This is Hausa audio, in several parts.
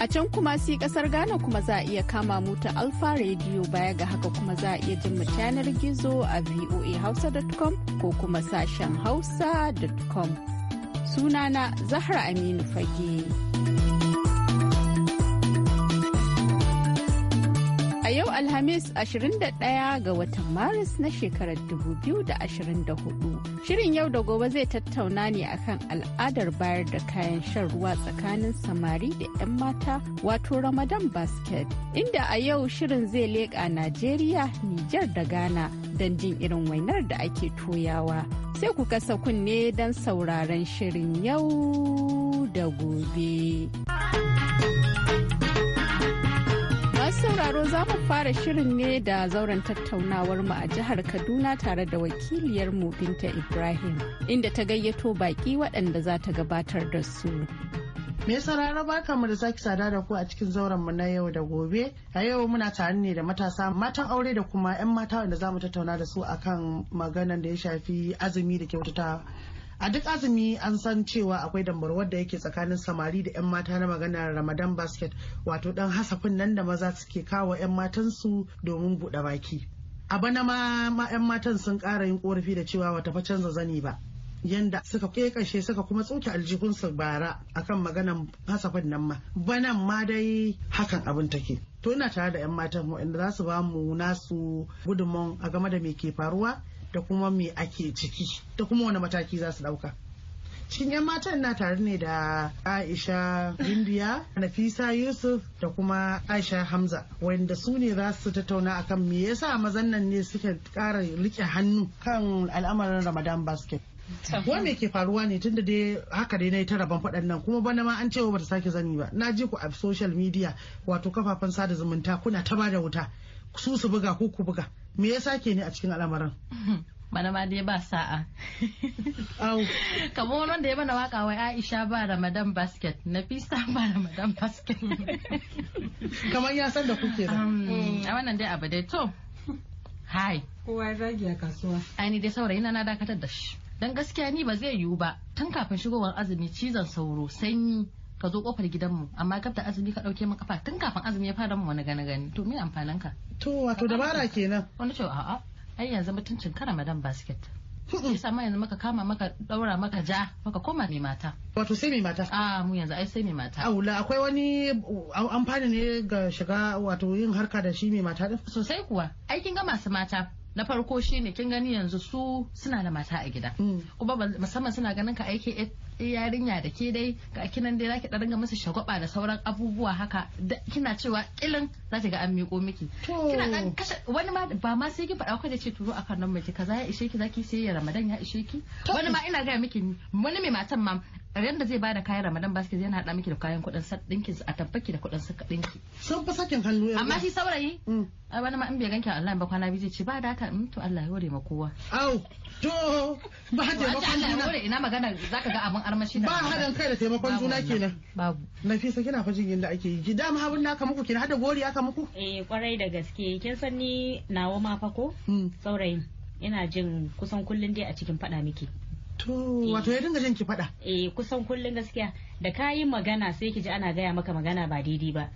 A can kuma si kasar Ghana kuma za a iya kama mu ta Alfa Radio baya ga haka kuma za a iya jin mu yanar gizo a voahausa.com ko kuma sashen hausa.com. Sunana Zahra Aminu Fage. a yau Alhamis 21 ga watan Maris na shekarar 2024. Shirin yau da gobe zai tattauna ne akan al'adar bayar da kayan shan ruwa tsakanin samari da 'yan mata wato Ramadan basket. Inda a yau shirin zai leƙa Najeriya, Nijar da Ghana don jin irin wainar da ake toyawa. Sai ku kasa kunne don sauraron shirin yau da gobe. sauraro za mu fara shirin ne da zauren tattaunawar mu a jihar Kaduna tare da wakiliyar mu Binta Ibrahim inda ta gayyato baki waɗanda za ta gabatar da su. Me sauraro barka mu da sake sada da ku a cikin zauren mu na yau da gobe. A yau muna tare ne da matasa matan aure da kuma 'yan mata wanda za mu tattauna da su akan maganan da ya shafi azumi da kyautata a duk azumi an san cewa akwai dambarwar da yake tsakanin samari da 'yan mata na magana ramadan basket wato dan hasafin nan da maza suke kawo 'yan matansu domin buɗe baki a bana ma 'yan matan sun ƙara yin korafi da cewa wata fa canza zani ba yanda suka kekashe suka kuma tsoke aljihunsu bara akan maganan hasafin nan ma banan ma dai hakan abin take to ina tare da 'yan matan waɗanda za su ba mu nasu gudunmawa a game da me ke faruwa da kuma me ake ciki da kuma wani mataki za su dauka cikin 'yan matan na tare ne da aisha indiya nafisa yusuf da kuma aisha hamza wanda su ne za su tattauna akan me yasa mazan nan ne suka kara rike hannu kan al'amarin ramadan basket wa me ke faruwa ne tunda dai haka dai na yi taraban faɗan nan kuma bana ma an cewa bata sake zani ba na ji ku a social media wato kafafen sada zumunta kuna ta bada wuta su su buga ko ku buga me ya sake ni a cikin al'amarin Bana ma dai ba sa'a kamar wannan wanda ya bana waka wai aisha ba ramadan basket nafisa ba ramadan basket kamar ya san da kuke da um, a wannan dai abu dai to hai kowa ya zagi a kasuwa ai dai saurayi na na dakatar da shi dan gaskiya ni ba zai yiwu ba tun kafin shigowar azumi cizon sauro sanyi ka zo kofar gidanmu amma kafta azumi ka dauke min kafa tun kafin azumi ya fara mu wani gane gane to me amfanin ka to wato dabara kenan wani ce a'a ai yanzu mutuncin kara madan basket hmm. yasa ma yanzu maka kama maka daura maka ja maka koma mai mata wato sai mai mata a mu yanzu ai sai mai mata aula akwai wani amfani ne ga shiga wato yin harka da shi mai mata din sosai kuwa aikin ga masu mata na farko shine kin gani yanzu su suna da mata a gida mm. kuma musamman suna ganin ka aiki yarinya da ke dai ga kinan dai zaki dan ringa musu shagwaba da sauran abubuwa haka kina cewa kilin zaki ga an miko miki kina dan kashe wani ma ba ma sai ki faɗa ku da ce turo akan nan miki kaza ya ishe ki zaki sai ya ramadan ya ishe ki wani ma ina ga miki wani mai matan ma yadda zai bada kayan ramadan basket yana hada miki da kayan kudin dinki a tabbaki da kudin saka sun fi sakin hannu yanzu amma shi saurayi mm. a wani ma in bai ganki Allah ba kwana biyu zai ce ba data in mm, to Allah ya hore ma kowa au to ba hada ba Allah ya hore ina magana zaka ga abun armashi ba hadan kai da taimakon juna kenan babu nafisa kina fa jin yanda ake yi ki ma abun naka muku kina hada gori aka muku eh kwarai da gaske kin san ni nawo ma fa ko mm. saurayi ina jin kusan kullun dai a cikin fada miki To eh. wato ya dinga ki faɗa. Eh kusan kullum gaskiya da ka yi magana sai ki ji ana gaya maka magana ba daidai ba.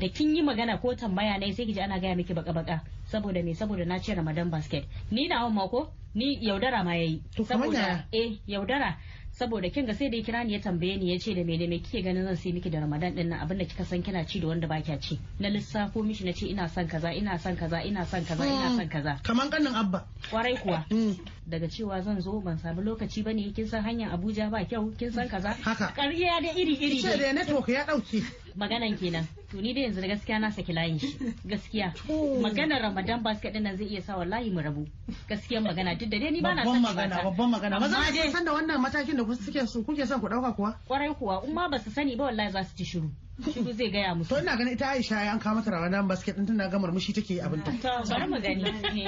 Da kin yi magana ko tambaya ne sai ki ji ana gaya miki baka baka saboda me saboda na ce Ramadan basket. Ni na hawan mako ni yaudara ma yayi. To saboda eh yaudara saboda kin ga sai da ya kira ni ya tambaye ni ya ce da mene me kike ganin zan sai miki da Ramadan din nan abinda kika san kina ci da wanda ba kya ci na lissafo mishi na ce ina son kaza ina son kaza ina son kaza ina hmm. son kaza kaman kannin abba kwarai kuwa hmm. daga cewa zan zo ban sabu lokaci bane kin san hanyar Abuja ba kyau kin san kaza haka ƙarya da iri iri ce da network ya dauke maganan kenan to ni dai yanzu gaskiya na saki layin shi gaskiya maganar ramadan basket din nan zai iya sa wallahi mu rabu gaskiyar magana duk da dai ni na san magana babban magana amma ba san da wannan matakin da suke so kuke son ku dauka kuwa kwarai kuwa in ma ba su sani ba wallahi za su ci shiru shiru zai gaya musu to ina ganin ita Aisha ya an kawo mata ramadan basket din tana ga murmushi take abin ta bari mu gani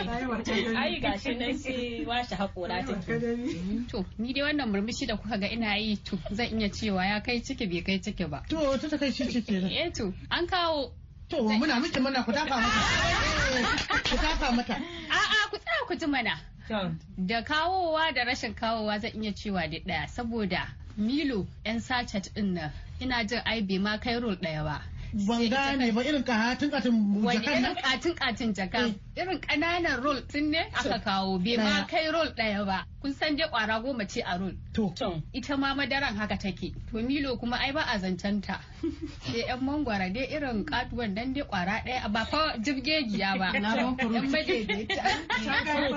ai gashi nan sai washe hakora ta mhm. to ni dai wannan murmushi da kuka ga ina yi to zan iya cewa ya kai ciki bai kai ciki ba to ta ta kai ciki ne eh to an kawo to muna miki mana ku tafa mata eh, ku tafa mata a'a ku tsaya ku ji mana da kawowa da rashin kawowa zan iya cewa da daya saboda milo yan sachet din nan ina jin ai bai ma kai rol daya ba ban gane ba irin katin katin jakan irin katin katin jaka eh. irin kananan roll din ne aka kawo bai ma kai roll daya ba kun san je kwara goma ce a roll to ita ma madaran haka take to milo kuma ai ba a zancen ta sai yan mangwara dai irin katuwan dan dai kwara daya ba fa jibgegiya ba Na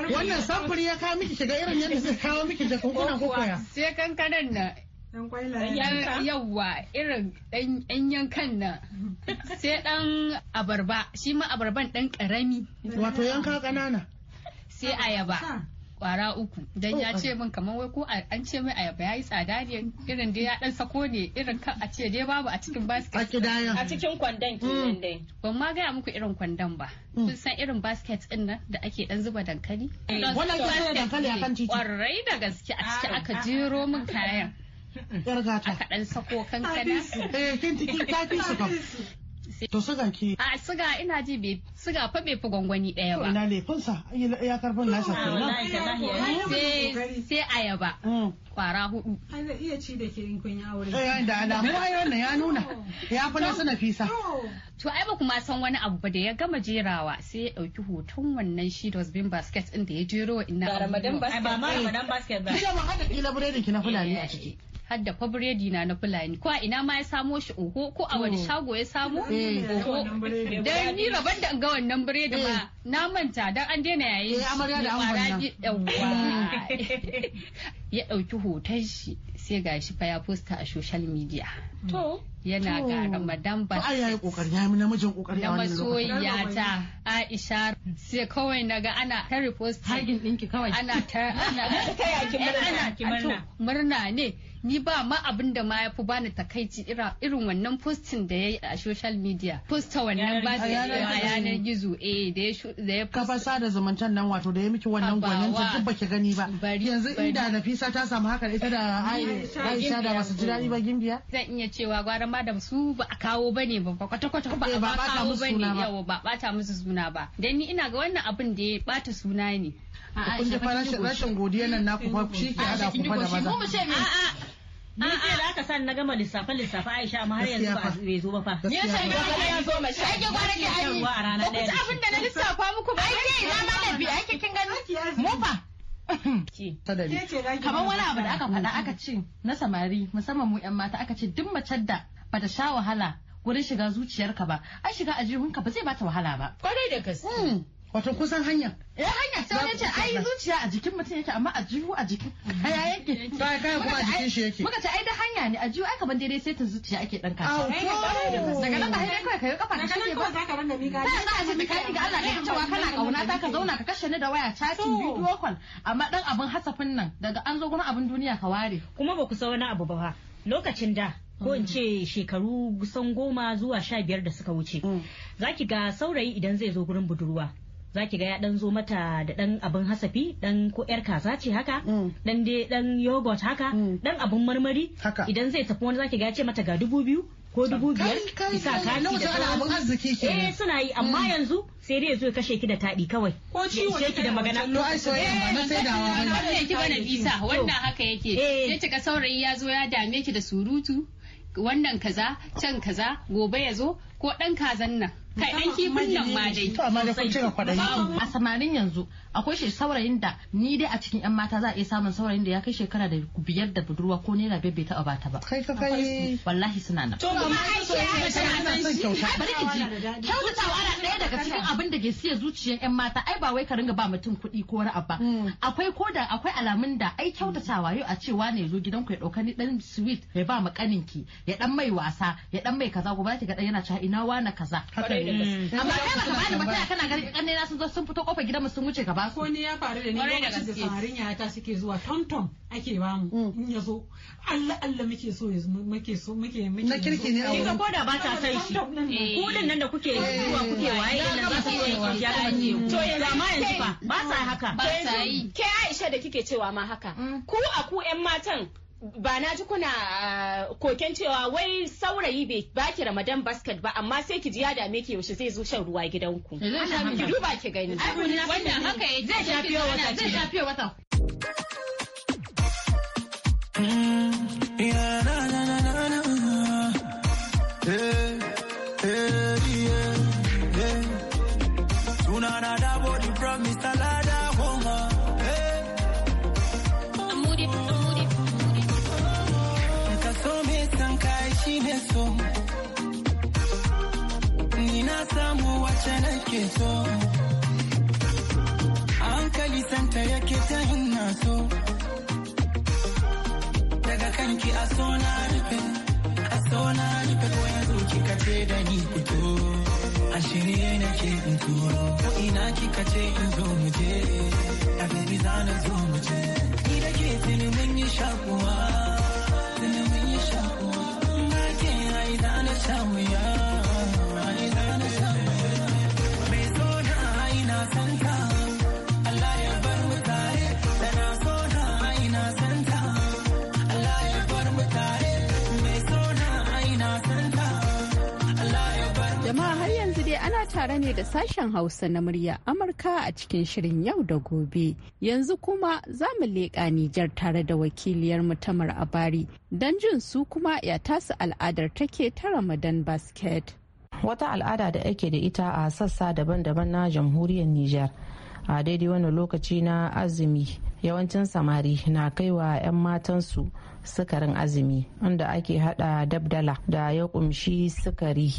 wannan samfuri ya kawo miki shiga irin yadda zai kawo miki jakan kuna kokoya sai kankanan na Dan Yawwa irin ɗan yankan nan. Sai ɗan abarba, shi ma abarban ɗan ƙarami. Wato yanka ƙanana. Sai ayaba. Kwara uku. Dan ya oh, ce min kamar wai ko an ce mai ayaba ya yi tsada ne irin dai ya ɗan sako ne irin kan a ce dai babu a cikin basket. A cikin kwandon kenan hmm. dai. Ban ma gaya muku irin kwandon ba. Hmm. Kun san irin basket ɗin nan da ake ɗan zuba dankali. Eh, Wannan dankali titi. Kwarai da gaske a ciki ah, aka ah, jero ah, min kayan. yar gata aka dan sako kankana eh kin su kam To suga A suga ina ji bai suga fa bai fi gwangwani ɗaya ba. Ina lefinsa ya karfin nasa kenan. Eh, sai ayaba. Mm. Kwara hudu. Ana iya ci da ke kun ya aure. Eh da ai wannan ya nuna. Ya To ai ba kuma san wani abu ba da ya gama jerawa sai ya dauki hoton wannan shi dosbin basket din da ya jero wa ina. Ba eh. Ramadan basket ba. Ba Ramadan basket ba. ma hada kila ki na fulani a eh, ciki. har da biredi na na fulani ko a ina ma ya samo shi oho ko a wani shago ya samo eh, oho dan ni rabar da ga wannan biredi ma eh. na manta dan an daina yayin eh, amarya da an ya ɗauki hoton shi sai ga shi fa ya posta a social media to yana ga ramadan ba ai yayi kokari yayi namijin kokari a wannan lokacin ta Aisha sai kawai naga ana ta repost hagin dinki kawai ana ta ana kai ana murna murna ne ni ba ma abin da ma ya fi bani takaici irin wannan postin da ya yi a social media posta wannan ba a yanar gizo eh da ya ya kafa sada zumuntar nan wato da ya miki wannan gwanin tun baki gani ba yanzu inda na fi Nafisa ta samu haka da ita da Aisha da basu ji daɗi ba gimbiya? Zan iya cewa gwara madam su ba a kawo ba ne ba kwata-kwata ba a eh, kawo ba ne yawa ba bata musu suna ba. Dan ni ina ga wannan abin da ya ɓata suna ne. Kun ji rashin godiya nan naku ba shi ke ada ku fa da maza. Ni ce da aka san na gama lissafe lissafe Aisha ma har yanzu ba zo ba fa. Ni sai ga ya zo mace. Ai ke gwara ke ai. ke kamar wani abu da aka faɗa aka ce na samari musamman mu yan mata aka ce duk macen da bata sha wahala wurin shiga zuciyarka ba ai shiga a ba zai bata wahala ba kwarai da gaske hmm. Wato kusan hanya. Eh hanya sai wani ce ai zuciya a jikin mutum yake amma a jihu a jikin kaya yake. Kaya kai kuma a jikin shi yake. Muka ce ai da hanya ne a jihu ai kaman daidai sai ta zuciya ake dan kasa. Daga nan ba sai kawai kayi kafa da shi ba. Daga nan ba za ka ji kai ga Allah ne cewa kana kauna za ka zauna ka kashe ni da waya chatting video call amma dan abin hasafin nan daga an zo gurin abin duniya ka ware. Kuma ba ku sa wani abu ba lokacin da ko in ce shekaru kusan goma zuwa sha biyar da suka wuce. Mm. Zaki ga saurayi idan zai zo gurin budurwa za ki ga ya dan zo mata da dan abin hasafi dan ko yar kaza ce haka mm. dan dai dan yogurt haka mm. dan abin marmari idan zai tafi wani za ki ga ya ce mata ga dubu biyu ko dubu biyar isa kati da sauransu eh suna yi amma mm. yanzu sai dai zo kashe ki da taɗi kawai ko ciwo ne ki da magana to ai soyayya ba na sai da wani ne ki bana bisa wannan haka yake sai eh. cika saurayi ya zo ya dame ki da surutu wannan kaza can kaza gobe ya zo ko dan kazan nan kai kifin nan ma dai to amma da kun cika a samarin yanzu akwai shi saurayin da ni dai a cikin yan mata za a iya samun saurayin da ya kai shekara da biyar da budurwa ko naira biyar bai taba bata ba kai ka kai wallahi suna nan to ba ai so yana son kyautatawa ana daga cikin abin da ke siya zuciyar yan mata ai ba wai ka ringa ba mutum kuɗi ko wani ba hmm. akwai ko da akwai alamun da ai kyautatawa yau a cewa ne zo gidan ku ya dauka ni dan sweet ya ba ki ya ɗan mai wasa ya ɗan mai kaza gobe ki ga yana cewa ina wani kaza Mm. kwarai amma kai baka bani ba kai kana ganin kanne na sun zo sun fito kofar gidanmu sun wuce gaba ko ni ya faru da ni lokacin da samarin yayata suke zuwa tonton ake ba mu mm. in ya zo Allah Allah muke so ya muke so muke muke na kirki ne a ko da ba ta san shi ku din nan da kuke eh. zuwa kuke waye da ba ta yi ya kamace to yanzu amma yanzu fa ba sa haka ba sa yi ke Aisha da kike cewa ma haka mm. ku a ku ƴan matan ba na ji kuna ah, koken cewa wai saurayi bai baki ramadan basket ba amma sai ki ji ya dame ki yaushe zai zo shan ruwa gidanku ki duba ki gani wannan haka ya zai shafi wata zai shafi wata mm, Yeah, na na na na na. Yeah. mace nake so hankali santa yake ta hinna so daga kanki a so na rufe a so na rufe ko yanzu kika ce da ni fito a shirye nake in turo ko ina kika ce in zo mu je a gari zana zo mu je ni da ke tuni mun yi shakuwa tuni mun yi shakuwa na ke ai na sha tare ne da sashen Hausa na murya Amurka a cikin shirin yau da gobe. Yanzu kuma za mu leƙa Nijar tare da wakiliyar mutamar Abari don jin su kuma ya tasu al'adar take ta Ramadan basket. Wata al'ada da ake da ita a sassa daban-daban na jamhuriyar Nijar. A daidai wannan lokaci na azumi yawancin samari na kaiwa 'yan matansu sukarin azumi inda ake hada dabdala da ya kumshi sukari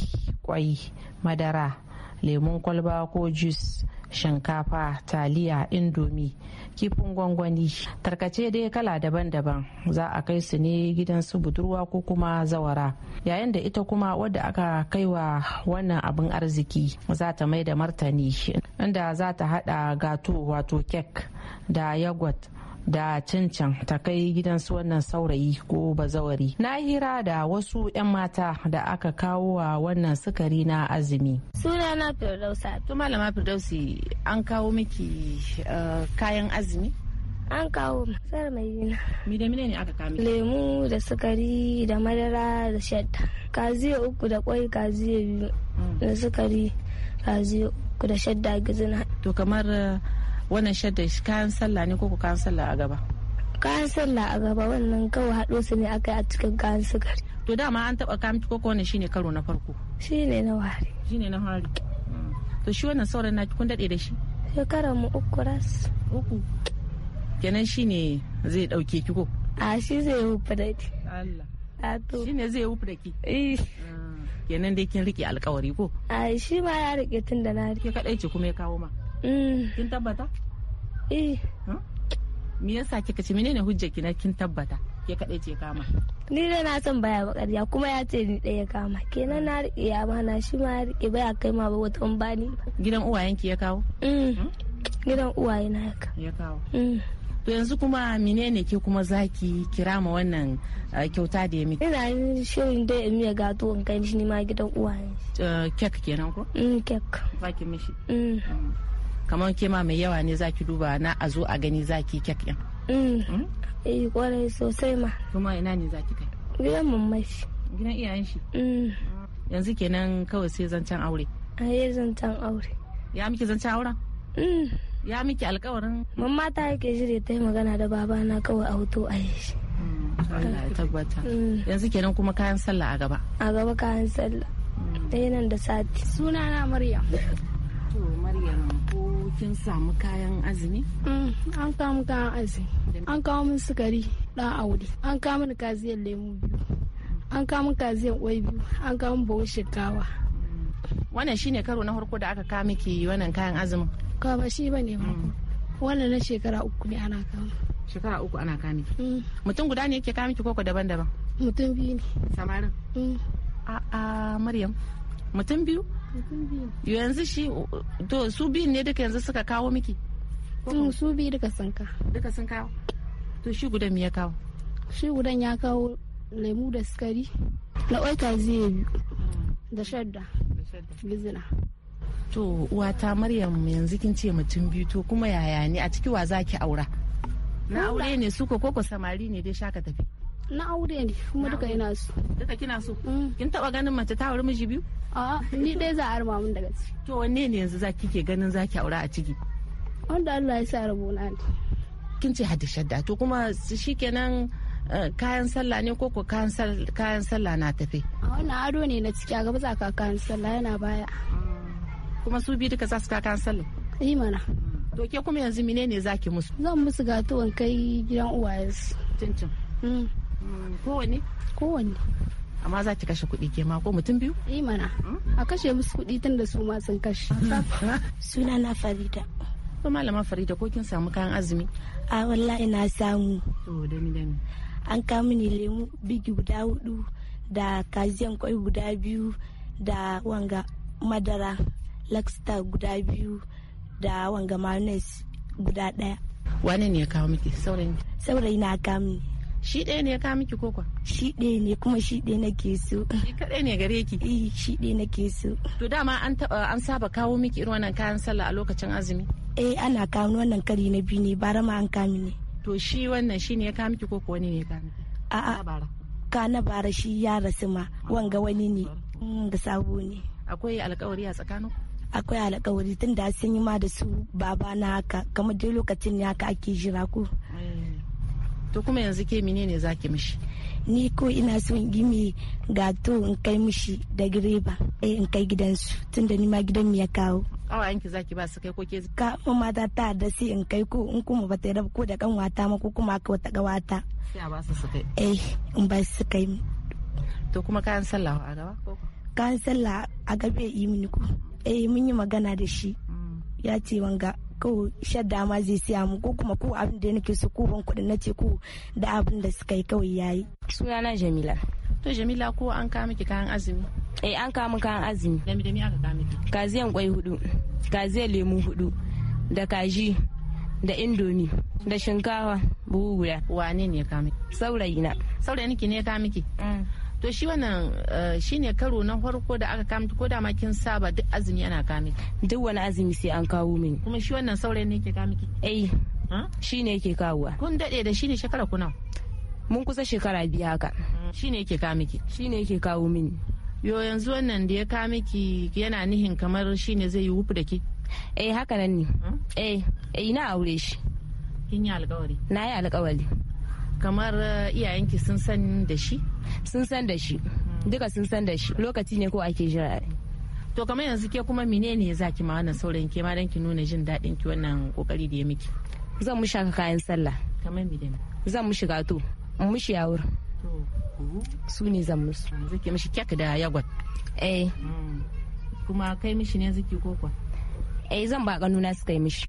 kwai madara lemun kwalba ko jus shinkafa taliya indomi kifin gwangwani tarkace dai kala daban-daban za a kai su ne gidan su budurwa ko kuma zawara yayin da ita kuma wadda aka kaiwa wannan abin arziki za ta mai da martani inda za ta hada gato wato kek da yagwat da cancan ta kai gidan su wannan saurayi ko bazawari na hira da wasu 'yan mata da aka kawo wa wannan sukari na azumi suna na firdausa to malama firdausi an kawo miki eh, kayan azumi an kawo sar mai yina mi da ne aka kawo lemu da sukari da madara da shadda kaziya uku da kwai kaziya biyu mm. da sukari kaziya uku da shadda gizina to kamar eh, wannan shadda kayan sallah ne ko kayan sallah a gaba kayan sallah a gaba wannan kawai haɗo su ne aka yi a cikin kayan sukari to dama an taɓa kayan ko wannan shine karo na farko shine na wari shine na wari to shi wannan sauran na kun daɗe da shi shekara mu uku ras uku kenan shine zai ɗauke ki ko a shi zai wufa da ki Allah shi ne zai wufa da ki eh. kenan dai kin rike alkawari ko a shi ma ya rike tun da na rike kaɗai ce kuma ya kawo ma Eh. kin tabbata eh me yasa kika ce menene hujjar ki na kin tabbata ke kadai ce kama ni da na san baya bakarya kuma ya ce ni ɗaya kama kenan na riƙe ya na shi ma ya riƙe baya kai ma ba wata bani gidan uwayenki ya kawo eh. hmm? gidan uwaye na ya kawo eh. to yanzu kuma menene ke kuma zaki kira ma wannan kyauta da ya miki ina yin shirin da ya miya gato in kai shi ma gidan uwaye kek kenan ko mm, kek ki mishi mm. hmm. kamar ke ma mai yawa ne zaki duba na a zo a gani zaki kek din mm. hmm? eh kwarai sosai ma kuma ina ne zaki kai gidan mamman shi gidan iyayen shi mm. yanzu kenan kawai sai zancen aure a yi zancen aure ya miki zancen auren mm. ya miki alkawarin mamma ta yake shirya ta yi magana da babana kawai a hoto a yi shi hmm, tabbata yanzu kenan kuma kayan sallah a gaba a gaba kayan sallah ɗaya hmm. yanan da sati suna na maryam to maryam kin samu kayan azumi? Mm, an kawo kayan azumi. An kawo min sukari ɗan aure. An kawo min kaziyar lemu biyu. An kawo min kaziyar ƙwai biyu. An kawo min bawon shinkawa. Wannan shine karo na farko da aka kawo miki wannan kayan azumin? Ka ba shi ba ne mm. Wannan na shekara uku ne ana kawo. Shekara uku ana kawo miki? Mm. Mutum guda ne yake kawo miki koko daban-daban? Mutum biyu ne. Samarin? A'a Maryam. Mutum biyu? yanzu shi to su biyun ne duka yanzu suka kawo miki to su biyu duka sun kawo duka sun kawo to shi gudan ya kawo shi gudan ya kawo lemu da sukari na oita zai biyu da shadda bizina to uwata maryam yanzu kin ce mutum biyu to kuma yaya ne a ciki wa zaki aura na aure ne su ko koko samari ne dai shaka tafi na aure ne kuma duka ina so duka kina so mm. kin taba ganin mace ta aure miji biyu a ni dai za a arma mun daga ciki to wanne ne yanzu zaki ke ganin zaki aure a ciki wanda Allah ya sa rabo na ne kin ce hadda shadda to kuma shikenan eh, kayan sallah ne ko ko kayan sallah na tafe a wannan ado ne na ciki a gaba za ka kayan sallah yana baya kuma su biyu duka za su kayan sallah yi mana to ke kuma yanzu menene zaki musu zan musu gatuwan kai gidan uwayensu cincin mm. Mm, kowane kowane amma za ki kashe kuɗi ke ko mutum biyu? Yi eh, mana. Mm. A kashe musu kuɗi tun da su ma sun kashe. Suna na Farida. Ko malama Farida ko kin samu kayan azumi? A wallahi na samu. To An kamu ne lemu bigi guda hudu da kajiyan kwai guda biyu da wanga madara lakstar guda biyu da wanga mayonnaise guda ɗaya. Wane ne ya kawo miki saurayi? Saurayi na kamu. Shi ɗaya ne ya kawo miki koko? Shi ɗaya ne kuma shi ɗaya nake so. Shi kaɗai ne gare ki? Eh shi ɗaya nake so. To dama an taɓa an saba kawo miki irin wannan kayan sallah a lokacin azumi? Eh ana kawo wannan kari na biyu ne bara ma an kami ne. To shi wannan shi ne ya kawo miki koko wani ne ya kawo miki? A'a. Ka na bara shi ya rasu ma wanga wani ne mm, da sabo ne. Akwai alkawari a ku. Akwai alkawari tun da sun yi ma da su baba na haka kamar dai lokacin ne haka ake jira ko. to kuma yanzu ke menene zaki mishi ni ko ina son gimi gato in kai mishi da gireba eh in kai gidansu tunda ni ma gidan mu ya kawo awa yanki zaki ba su kai ko ke ka mu mata ta da sai in kai ko in kuma ba ta rabu ko da kan wata ma ko kuma ka wata wata. sai a ba su su kai eh in ba su kai to kuma kayan sallah a gaba ko kayan sallah a gabe yi mini ko eh mun yi magana da shi mm. ya ce wanga kawai shadda ma zai siya mu ko kuma ko abin da nake so ko ban kuɗin na ce ko da abin da suka yi kawai yayi sunana jamila to jamila ko an ka miki kayan azumi eh an kama kayan azumi dami dami aka ka miki kaziyan kwai hudu kaziyan lemu hudu da kaji da indomi da shinkawa buhu guda wane ne ya miki saurayi na saurayi ne ya kawo miki mm. to shi wannan eh, shine karo na farko da aka kama ko da ma kin saba duk azumi ana kama duk wani azumi sai an kawo mini kuma shi wannan saurayin ne ke kama ki eh shi ne yake kawuwa. kun dade da shi ne shekara kuna mun kusa shekara biyu haka shi ne yake kawo shi ne yake kawo mini yo yanzu wannan da ya kawo yana nihin kamar shi ne zai yi wufu da ke eh haka nan ne eh eh na aure shi kin yi alƙawari. na yi alƙawari. kamar eh, iyayenki sun san da shi sun san da shi duka sun san da shi lokaci ne ko ake jira to kamar yanzu ke kuma menene ya zaki ma wannan saurayin ke ma dan ki nuna jin daɗin ki wannan kokari da ya miki zan mu shaka kayan sallah kamar menene zan mu shiga to mu shi yawur su ne zan musu zaki mishi kek da yagwat eh mm. kuma kai mishi ne zaki ko kwa eh zan ba ganuna suka yi mishi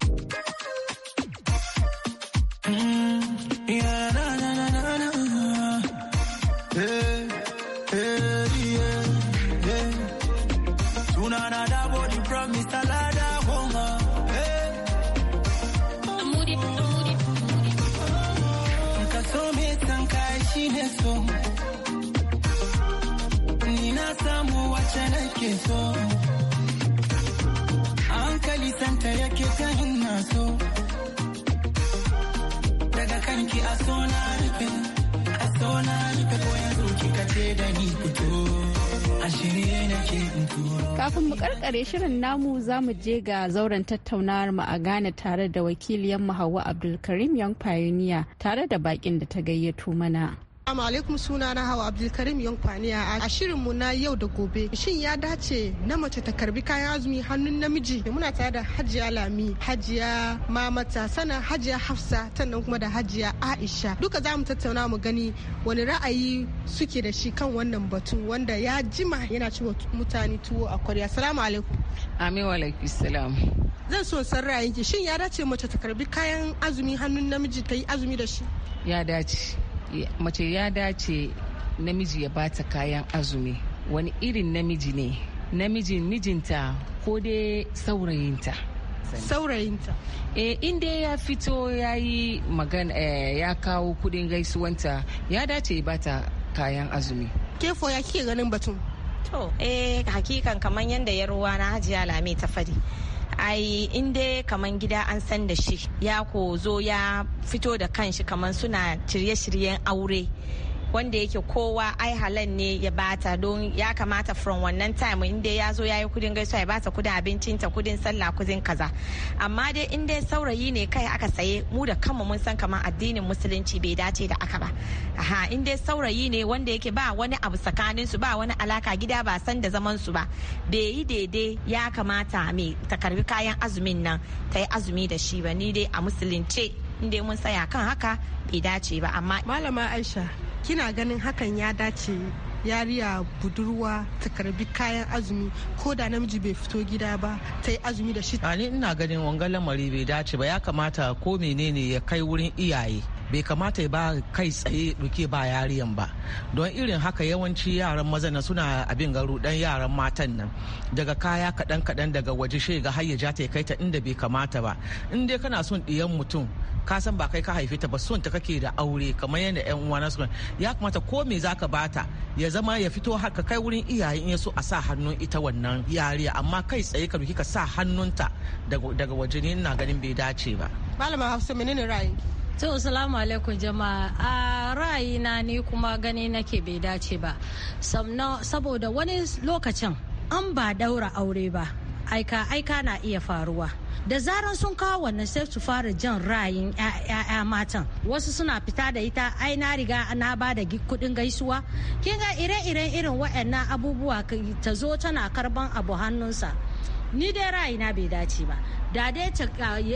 hankali santa Kafin mu karkare shirin namu za mu je ga zauren tattaunawar mu a Ghana tare da wakiliyan mu Hauwa Abdulkarim Young Pioneer tare da bakin da ta gayyato mana. Assalamu alaikum suna na hawa Abdulkarim Yankwaniya a shirinmu na yau da gobe. Shin ya dace na mace ta karbi kayan azumi hannun namiji? Muna tare da Hajiya Lami, Hajiya Mamata, sana Hajiya Hafsa, sannan kuma da Hajiya Aisha. Duka za mu tattauna mu gani wani ra'ayi suke da shi kan wannan batu wanda ya jima yana ciwo mutane tuwo a kwarya. Assalamu alaikum. Amin wa alaikum salam. zan so san ra'ayinki shin ya dace mace ta karbi kayan azumi hannun namiji ta yi azumi da shi ya dace mace ya dace namiji ya bata kayan azumi wani irin namiji ne namijin mijinta ko dai saurayinta saurayinta eh inda ya fito ya yi magana eh, ya kawo kudin gaisuwanta ya dace ya bata kayan azumi kefo ya kike ganin batun to eh hakikan kamar yadda ya ruwa na hajiya lami ta fadi ai in dai kaman gida an san da shi ya ko zo ya fito da kanshi kaman suna shirye-shiryen aure wanda yake kowa ai halal ne ya bata don ya kamata from wannan time inda ya zo ya yi kudin gaisuwa ya bata kudin abincin ta kudin sallah kudin kaza amma dai in dai saurayi ne kai aka saye mu da kanmu mun san kamar addinin musulunci bai dace da aka ba aha in dai saurayi ne wanda yake ba wani abu tsakanin su ba wani alaka gida ba san da zaman su ba bai yi daidai ya kamata me ta karbi kayan azumin nan ta yi azumi da shi ba ni dai a musulunce in dai mun tsaya kan haka bai dace ba amma malama aisha kina ganin hakan ya dace yariya budurwa ta karbi kayan azumi ko da namiji bai fito gida ba ta yi azumi da shi. ni ina ganin wangan lamari bai dace ba ya kamata ko menene ya kai wurin iyaye bai kamata ya ba kai tsaye duke ba yariyan ba don irin haka yawanci yaran maza na suna abin garu dan yaran matan nan daga kaya kadan kadan daga waje shi ga har ya ja ta kai ta inda bai kamata ba in dai kana son diyan mutum ka san ba kai ka haife ta ba son ta kake da aure kamar yadda yan uwa na suka ya kamata ko me zaka bata ya zama ya fito haka kai wurin iyaye in yaso a sa hannun ita wannan yariya amma kai tsaye ka duki ka sa hannunta daga waje ne ina ganin bai dace ba malama hafsa menene ra'ayinki To, salamu alaikum jama'a. A ra'ayina ni kuma gani nake bai dace ba. Saboda wani lokacin an ba daura aure ba, aika aika na iya faruwa. Da zaran sun kawo wannan sai su fara jan ra'ayin 'ya'ya matan. Wasu suna fita da ita ai na riga na ba da kudin gaisuwa. Kin ga ire-iren irin waɗannan abubuwa ta zo tana karban abu hannunsa. Ni dai ra'ayina bai dace ba. Da dai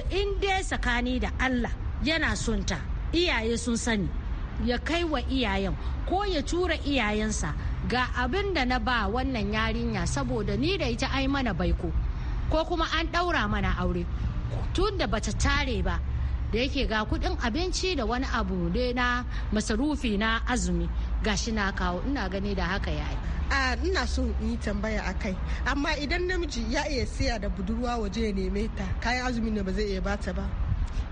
in dai tsakani da Allah. yana son ta iyaye sun sani ya kai wa iyayen ko ya tura iyayensa ga abin da na ba wannan yarinya saboda ni da ita ai mana baiko ko kuma an ɗaura mana aure tun da bata tare ba da yake ga kuɗin abinci da wani abu ne na masarufi na azumi gashi na kawo ina gani da haka yayi a ina so in yi tambaya a kai amma idan namiji ya iya siya da budurwa waje ya neme ta kayan azumi ne ba zai iya bata ba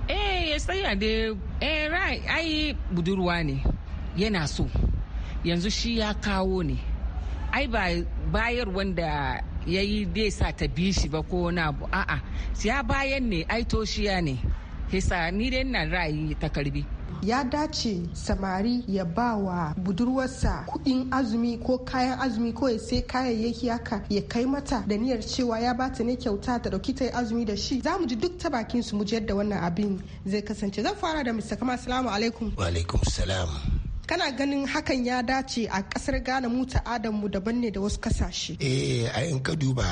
eh ya tsaya da eh rai ai budurwa ne yana so yanzu shi ya kawo ne ai ba bayar wanda ya yi dai sa ta bi shi ba ko wani abu a'a ya bayan ne ai toshiya ne hisa ni dai na ra'ayi ta karbi ya dace samari ya ba wa budurwarsa kuɗin azumi ko kayan azumi ko ya sai kayayyaki haka ya kai mata da niyyar cewa ya bata ne kyauta ta dauki ta azumi da shi za mu ji duk ta bakin su mu ji yadda wannan abin zai kasance zan fara da mr kama salamu alaikum wa alaikum salam kana ganin hakan ya dace a kasar ghana mu ta mu daban ne da wasu kasashe eh a in ka duba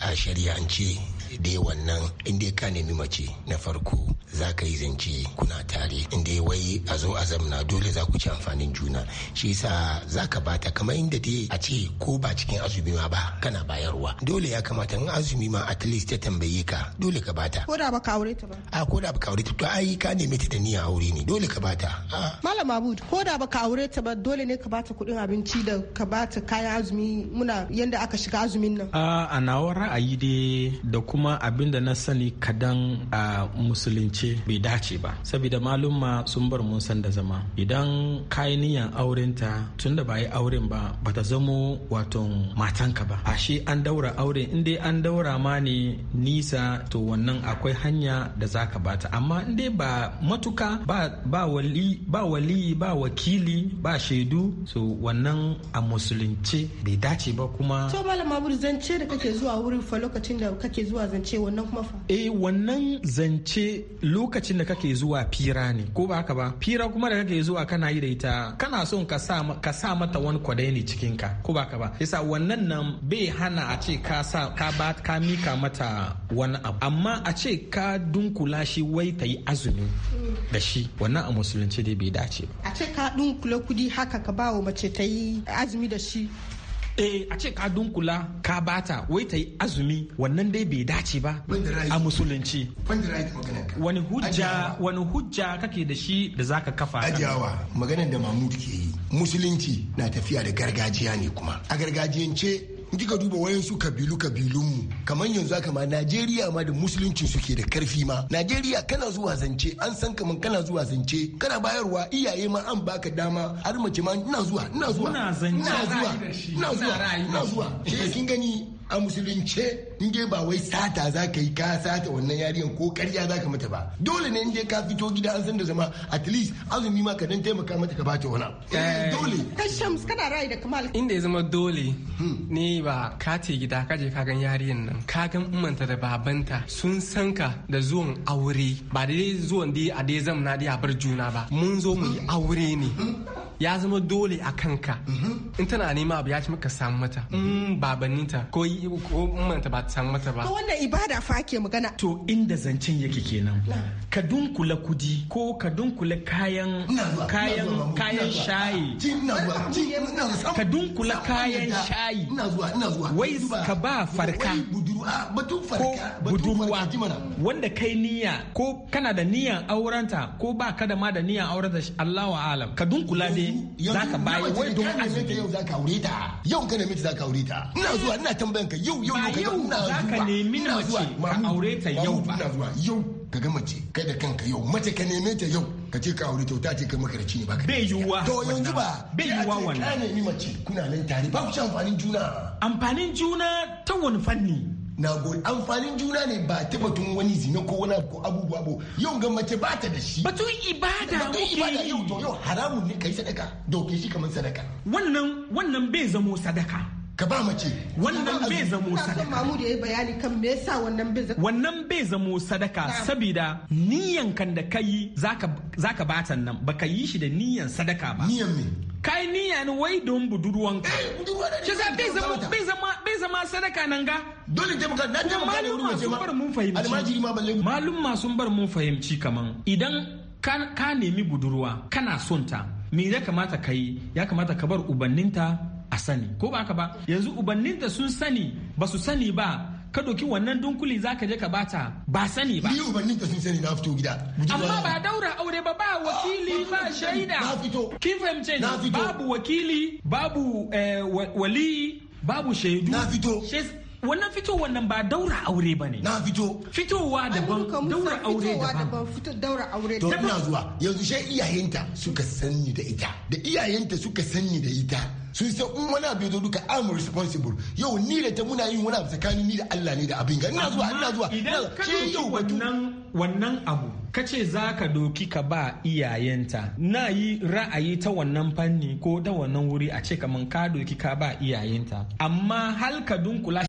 a shari'ance dai wannan inda ka nemi mace na farko za ka yi zance kuna tare inda wai a zo a zamna dole za ku ci amfanin juna shi yasa za ka bata kamar inda ta a ce ko ba cikin azumi ma ba kana bayarwa dole ya kamata in azumi ma at least ta tambaye ka dole ka bata ko da ba ka aure ta ba a ko da ba ka aure ta to ai ka nemi ta da a aure ne dole ka bata malam abud ko da ba ka aure ta ba dole ne ka bata kuɗin abinci da ka bata kayan azumi muna yanda aka shiga azumin nan a nawa ra'ayi dai da kuma kuma abinda na sani kadan a musulunce bai dace ba saboda malumma sun bar mun san da zama idan kayi niyan ta tun da ba yi auren ba ba ta zamo wato matanka ba a ashe an daura auren in dai an daura ma ne nisa to wannan akwai hanya da zaka bata amma in dai ba matuka ba, wali ba wali ba wakili ba shaidu so wannan a musulunci bai dace ba kuma to malama zance da kake zuwa wurin fa lokacin da kake zuwa zance wannan kuma fa eh wannan zance lokacin da kake zuwa fira ne ko ba haka ba fira kuma da kake zuwa kana yi da ita kana son ka sa mata wani kwadai ne cikin ka ko ba haka ba yasa wannan nan bai hana a ce ka sa ka ba ka mika mata wani abu amma a ce ka dunkula shi wai ta yi azumi da shi wannan a musulunci dai bai dace ba a ce ka dunkula kudi haka ka ba wa mace ta yi azumi da shi eh a ce ka dunkula ka bata wai ta yi azumi wannan dai bai dace ba a musulunci wani hujja wani hujja kake da shi da za ka kafa ajawa maganar da mahmud ke yi musulunci na tafiya da gargajiya ne kuma a gargajiyance kika duba wayansu kabilu kabilunmu kamar yanzu haka ma najeriya ma da musulunci suke da karfi ma najeriya kana zuwa zance an san kaman kana zuwa zance kana bayarwa iyaye ma an baka dama har mace ma ina zuwa ina zuwa ina zuwa ina zuwa ina zuwa eh, kin gani a musulunce in je ba wai sata za ka yi ka sata wannan yariyan ko karya za ka mata ba dole ne in je ka fito gida an san da zama at least azumi ma ka dan taimaka mata ka bata wani eh, eh. dole kashams eh, kana rai da kamal inda ya zama dole hmm. ne ba ka ce gida ka je ka gan yariyan nan ka gan umanta da babanta sun san ka da zuwan aure ba da zuwan dai a dai zamna dai a bar juna ba mun zo mu yi hmm. aure ne hmm. ya zama dole a kanka mhm. in tana nema abu ya ci maka samu mata mhm. mm, babaninta ko manta ba ta samu mata ba wannan ibada fa ke magana to inda zancen yake kenan ka dunkula kudi ko ka dunkula kayan kayan kayan shayi ka dunkula kayan shayi wai ka ba farka ah, ko budurwa wanda kai niyya ko kana da niyan aurenta ko ba ka da ma da niyan aurenta Allahu wa'alam. ka dunkula dai za ka bayi wai don azumi ka yau za aure ta yau kana nemi ta za ka aure ta ina eh. zuwa ina tambayan ka yau yau ka yau ina zuwa ka nemi mace ka aure ta yau ba yau ka ga mace kai da kanka yau mace ka neme ta yau ka ce ka aure ta ce kai makarci ne ba ka bai yiwuwa to yanzu ba bai yiwuwa wannan ka nemi mace kuna nan tare ba ku ci amfanin juna amfanin juna ta wani fanni na gode amfanin juna ne ba ta batun wani zina ko wani ko abubuwa ba yau ga mace ba ta da shi batun ibada batun ibada yau to yau haramun ne kai sadaka doke shi kamar sadaka wannan wannan bai zamo sadaka ka ba mace wannan bai zamo sadaka Mahmud yayi bayani kan me yasa wannan bai zamo wannan bai zamo sadaka saboda niyan kan da kai zaka zaka ta nan baka yi shi da niyan sadaka ba niyan me kai niyya ne wai don ka eh, shi sa bai zama bai zama bai zama sadaka nan ga dole taimaka na taimaka ne ce ma bar mun fahimci almajiri ma balle malum ma sun bar mun fahimci kaman idan ka nemi budurwa kana son ta me ya kamata ka yi ya kamata ka bar ubanninta a sani ko ba haka ba yanzu ubanninta sun sani ba su sani ba ka doki wannan dunkuli za ka je ka bata ba sani ba. Ni ubannin sun sani na fito gida. Amma ba daura aure ba ba wakili ah, ba shaida. Na fito. Kin fahimce babu wakili babu eh, wali babu shaidu. Na fito. wannan fito wannan ba daura aure ba ne na fito fitowa daban daura aure daban fito daura aure to ina zuwa yanzu sai iyayenta suka sanni da ita da iyayenta suka sanni da ita sun san in wani abu ya zo duka am responsible yau ni da ta muna yin wani abu tsakanin ni da Allah ne da abin ga ina zuwa ina zuwa idan ka yau wannan wannan abu ka ce za ka doki ka ba iyayenta na yi ra'ayi ta wannan fanni ko ta wannan wuri a ce kaman ka doki ka ba iyayenta amma hal ka dunkula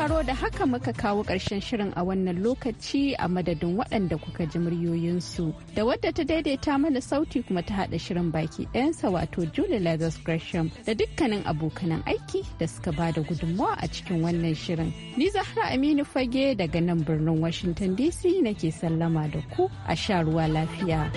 sauraro da haka muka kawo ƙarshen shirin a wannan lokaci a madadin waɗanda kuka ji muryoyinsu da wadda ta daidaita mana sauti kuma ta haɗa shirin baki ɗayansa wato Julie Lazarus Gresham da dukkanin abokanan aiki da suka ba da gudunmawa a cikin wannan shirin. Ni Zahra Aminu Fage daga nan birnin Washington DC nake sallama da ku a sha ruwa lafiya.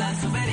I'm so way